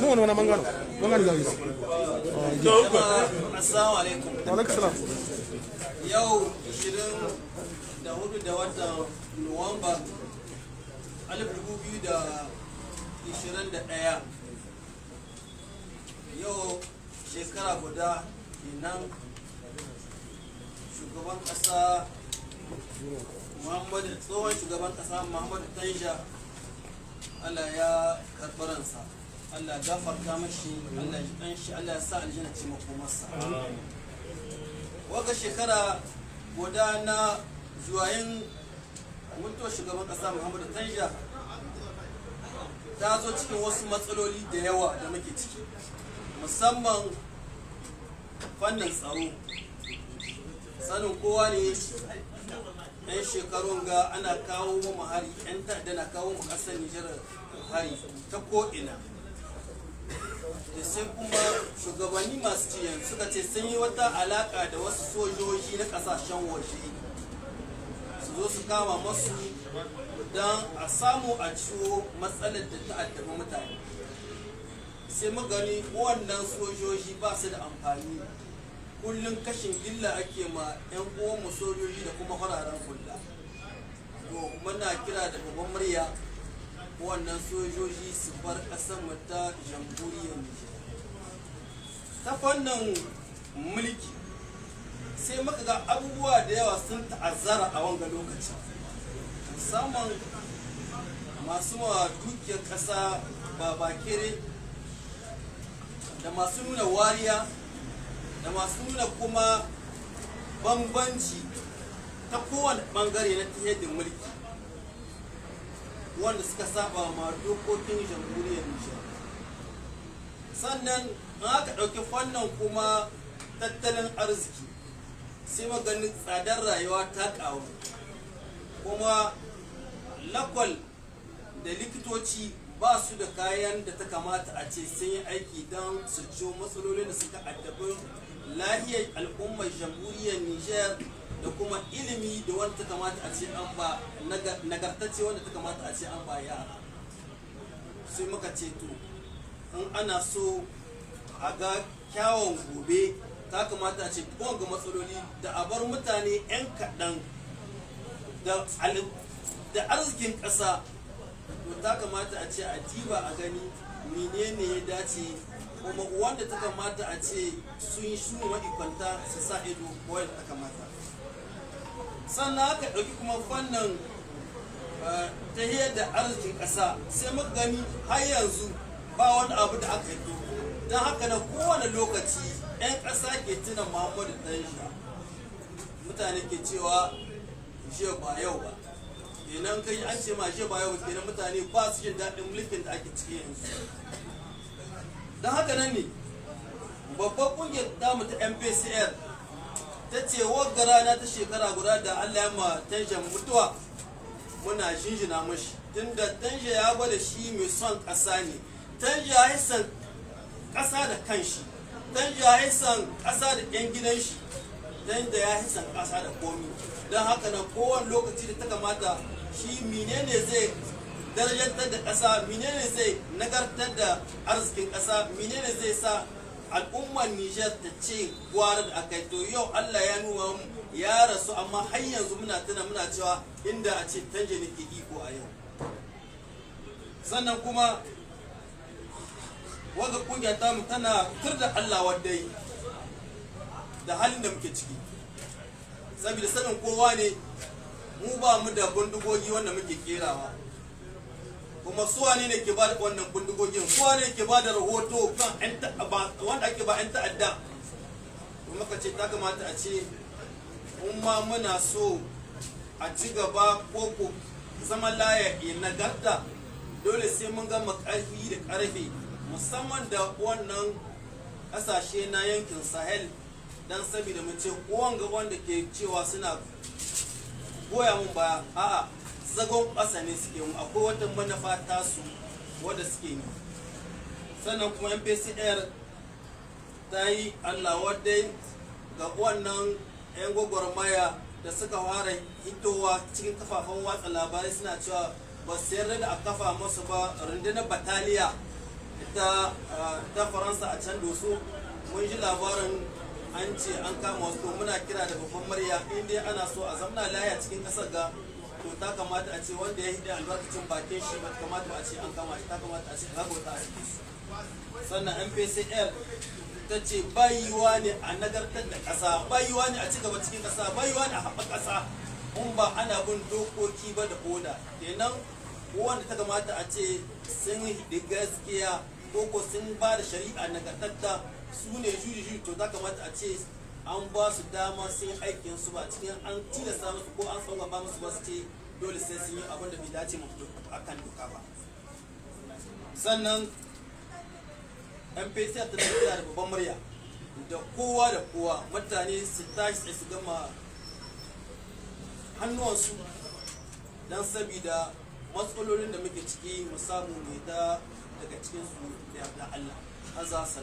mu wani mangano mangano zai assalamu alaikum alaikum salam yau da nuwamba 2021 yau shekara guda shugaban kasa muhammadu tsohon shugaban kasa tanja allah ya Allah gafarta mashi Allah dan shi Allah ya sa aljanna ce makomarsa waka shekara guda na zuwayin mutuwar shugaban kasa Muhammadu Tanja ta zo cikin wasu matsaloli da yawa da muke ciki musamman fannin tsaro sanin kowa ne yan shekarun ga ana kawo mu hari yan ta'adda na kawo mu kasar Nijar hari ta ko'ina da sai kuma shugabanni masu ci suka ce sun yi wata alaka da wasu sojoji na kasashen waje su zo su kama masu don a samu a ciwo matsalar da ta addama mutane sai maganin wannan sojoji ba su da amfani kullum kashin gilla ake ma 'yan uwanmu sojoji da kuma fararen kulla to muna kira da babban murya wannan sojoji su bar ƙasar ta jamhuriyar nijar ta fannin mulki sai muka ga abubuwa da yawa sun ta'azzara a wanga lokacin musamman masu ma dukiyar ƙasa bakere da masu nuna wariya da masu nuna kuma bambanci ta kowane bangare na ta mulki wanda suka saba ma dokokin jamhuriyar nijar sannan in aka ɗauki fannin kuma tattalin arziki sai maganin tsadar rayuwa ta ƙaru kuma lakwal da likitoci ba su da kayan da ta kamata a ce sun yi aiki don su ciwo matsalolin da suka addabi lahiyar al'ummar jamhuriyar nijar da kuma ilimi da wanda ta kamata a ce an ba nagartacce wanda ta kamata a ce an ba yara sai muka ce to in ana so a ga kyawun gobe ta kamata a ce ga matsaloli da a bar mutane 'yan kaɗan da arzikin ƙasa to ta kamata a ce a diba a gani menene ya dace kuma wanda ta kamata a ce sun yi ma'ikwanta su sa ido wanda ta kamata sannan aka ɗauki kuma fannin eh, ta da arzikin ƙasa sai muka gani har yanzu ba wani abu da aka yi don haka na kowane lokaci 'yan ƙasa ke tuna muhammadu ɗan mutane ke cewa je ba yau ba kenan kai an ce ma je ba yau ba kenan mutane ba su jin daɗin mulkin da ake ciki yanzu don haka nan ne babban ƙungiyar damu ta mpcl ta ce wadda rana ta shekara guda da Allah ya ma tanshan mutuwa muna shinjina mashi tunda tanja ya gwada shi mai son ƙasa ne tanja ya son ƙasa da kanshi tanja ya son ƙasa da 'yan gidan shi tanja ya yi son ƙasa da komi don haka na kowane lokaci da ta kamata shi menene zai darajantar da ƙasa menene zai nagartar da arzikin ƙasa menene zai sa al'ummar Nijar ta ce gwara da aka to yau Allah ya nuna mu ya rasu amma har yanzu muna tana muna cewa inda a ce tanje ke iko a yau sannan kuma waga kungiya ta mu tana tur da Allah yi da halin da muke ciki saboda sanin kowa ne mu ba mu da bindigogi wanda muke kerawa kuma su wane ne ke ba da wannan bindigogin su ne ke ba da rahoto kan wanda ake ba 'yan ta'adda kuma ka ce ta kamata a ce in ma muna so a ci gaba ko ku zama na nagarta dole sai mun gama karfi da karfe musamman da wannan kasashe na yankin sahel don saboda mu ce wanga wanda ke cewa suna goya mun baya a'a zagon ƙasa ne suke yi akwai wata manufa tasu wadda suke yi sannan kuma air ta yi allah ga wannan 'yan gwagwarmaya da suka fara hitowa cikin kafafen watsa labarai suna cewa ba su yarda da a kafa masu ba rundunar bataliya ta ah, faransa a can doso mun ji labarin an ce an kama wasu muna kira da babban murya inda ana so a zamna laya cikin ƙasar ga to ta kamata a ce wanda ya hidda albarkacin bakin shi ba kamata a ce an kama shi ta kamata a ce rabota a cikin sannan mpcl ta ce bayuwa ne a nagartar da ƙasa bayuwa ne a cigaba cikin ƙasa bayuwa ne a haɓa ƙasa in ba ana bin dokoki ba da oda kenan wanda ta kamata a ce sun hidi gaskiya ko ko sun ba da shari'a nagartatta su ne juji to ta kamata a ce an ba su dama sun yi aikin su ba cikin an tilasta musu ko an ba musu wasu ce dole sai sun yi abin da bai dace mu kan doka ba sannan mpc ta tafiya da babban murya da kowa da kowa mutane su tashi su gama hannuwansu don sabida matsalolin da muke ciki mu samu mai ta daga cikinsu da Allah azza salam